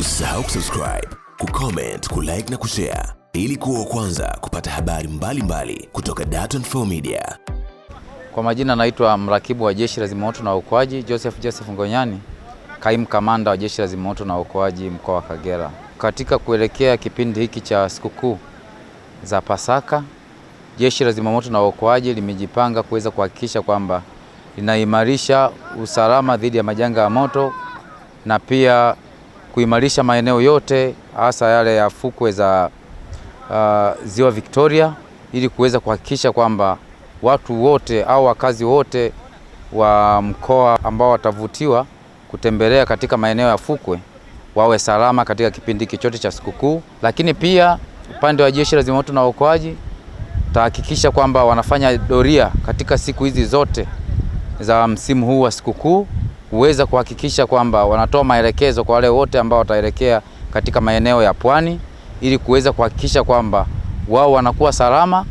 Usisahau kusubscribe, kucomment, kulike na kushare ili kuwa kwanza kupata habari mbalimbali mbali kutoka Dar24 Media. Kwa majina naitwa mrakibu wa Jeshi la Zimamoto na Uokoaji Joseph Joseph Ngonyani, kaimu kamanda wa Jeshi la Zimamoto na Uokoaji mkoa wa Kagera. Katika kuelekea kipindi hiki cha sikukuu za Pasaka, Jeshi la Zimamoto na Uokoaji limejipanga kuweza kuhakikisha kwamba linaimarisha usalama dhidi ya majanga ya moto na pia kuimarisha maeneo yote hasa yale ya fukwe za uh, ziwa Victoria ili kuweza kuhakikisha kwamba watu wote au wakazi wote wa mkoa ambao watavutiwa kutembelea katika maeneo ya fukwe wawe salama katika kipindi kichote chote cha sikukuu. Lakini pia upande wa Jeshi la Zimamoto na Uokoaji tahakikisha kwamba wanafanya doria katika siku hizi zote za msimu huu wa sikukuu kuweza kuhakikisha kwamba wanatoa maelekezo kwa wale wote ambao wataelekea katika maeneo ya pwani ili kuweza kuhakikisha kwamba wao wanakuwa salama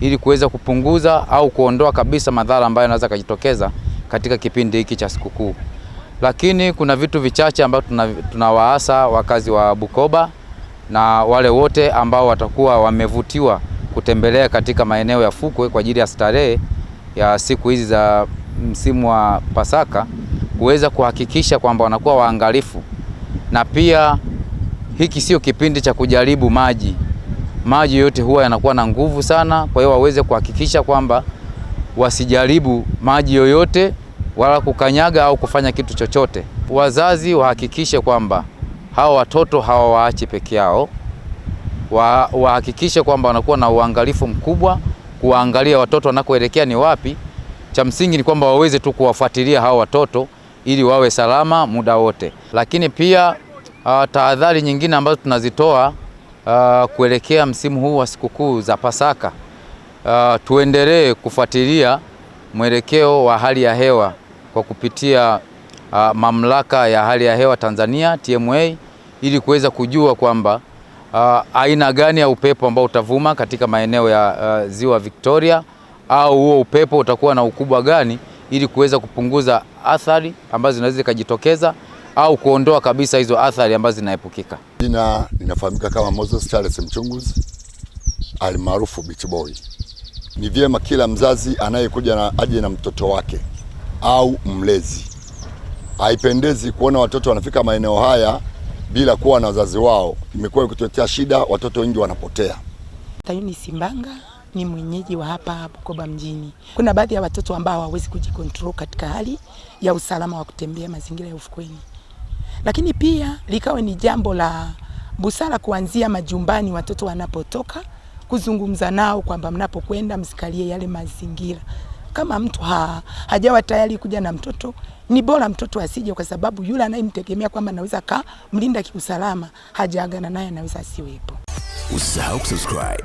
ili kuweza kupunguza au kuondoa kabisa madhara ambayo yanaweza kujitokeza katika kipindi hiki cha sikukuu. Lakini kuna vitu vichache ambavyo tunawaasa tuna wakazi wa Bukoba na wale wote ambao watakuwa wamevutiwa kutembelea katika maeneo ya fukwe kwa ajili ya starehe ya siku hizi za msimu wa Pasaka kuweza kuhakikisha kwamba wanakuwa waangalifu, na pia hiki sio kipindi cha kujaribu maji. Maji yote huwa yanakuwa na nguvu sana, kwa hiyo waweze kuhakikisha kwamba wasijaribu maji yoyote wala kukanyaga au kufanya kitu chochote. Wazazi wahakikishe kwamba hawa watoto hawawaachi peke yao, wa, wahakikishe kwamba wanakuwa na uangalifu mkubwa kuwaangalia watoto wanakoelekea ni wapi. Cha msingi ni kwamba waweze tu kuwafuatilia hawa watoto ili wawe salama muda wote. Lakini pia uh, tahadhari nyingine ambazo tunazitoa uh, kuelekea msimu huu wa sikukuu za Pasaka uh, tuendelee kufuatilia mwelekeo wa hali ya hewa kwa kupitia uh, mamlaka ya hali ya hewa Tanzania TMA ili kuweza kujua kwamba uh, aina gani ya upepo ambao utavuma katika maeneo ya uh, Ziwa Victoria au huo upepo utakuwa na ukubwa gani ili kuweza kupunguza athari ambazo zinaweza zikajitokeza au kuondoa kabisa hizo athari ambazo zinaepukika. Jina linafahamika kama Moses Charles Mchunguzi almaarufu Beach Boy. Ni vyema kila mzazi anayekuja na aje na mtoto wake au mlezi. Haipendezi kuona watoto wanafika maeneo haya bila kuwa na wazazi wao. Imekuwa ikituletea shida, watoto wengi wanapotea. Tayuni Simbanga ni mwenyeji wa hapa Bukoba mjini. Kuna baadhi ya watoto ambao hawawezi kujikontrol katika hali ya usalama wa kutembea mazingira ya ufukweni, lakini pia likawe ni jambo la busara kuanzia majumbani watoto wanapotoka kuzungumza nao kwamba mnapokwenda msikalie yale mazingira. Kama mtu ha, hajawa tayari kuja na mtoto, ni bora mtoto asije, kwa sababu yule anayemtegemea kwamba anaweza ka mlinda kiusalama hajaagana naye anaweza asiwepo. Usisahau kusubscribe